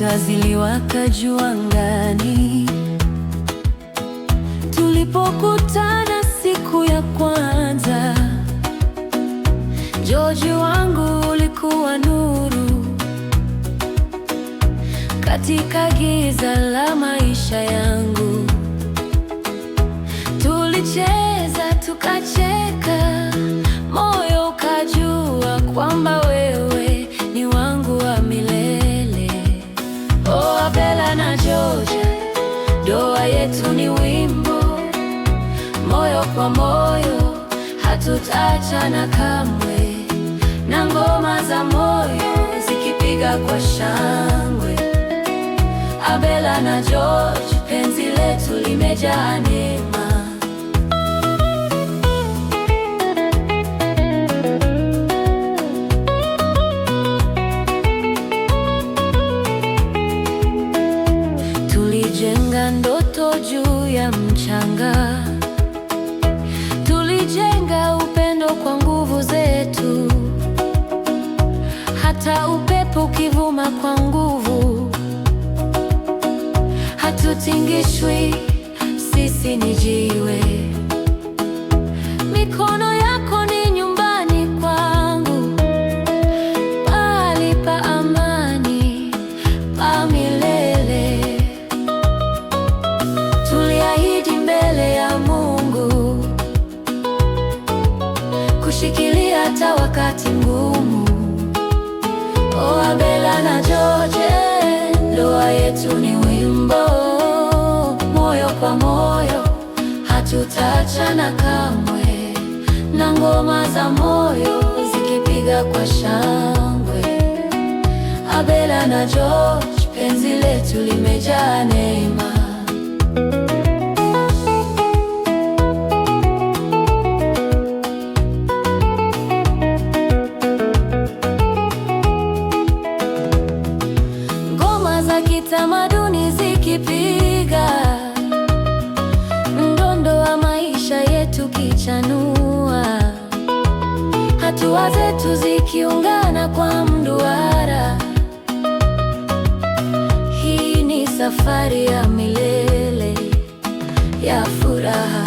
nyota ziliwaka juu angani tulipokutana siku ya kwanza. George wangu ulikuwa nuru katika giza la maisha yangu. kwa moyo, hatutaachana kamwe, na ngoma za moyo zikipiga kwa shangwe. Abela na George, penzi letu limejani kwa nguvu zetu, hata upepo ukivuma kwa nguvu hatutingishwi. kushikilia hata wakati ngumu O, oh, Abela na George, ndoa yetu ni wimbo, moyo kwa moyo, hatutaachana kamwe, na ngoma za moyo zikipiga kwa shangwe. Abela na George, penzi letu limejaa neema. tamaduni zikipiga mdondo wa maisha yetu kichanua, hatua zetu zikiungana kwa mduara. Hii ni safari ya milele ya furaha.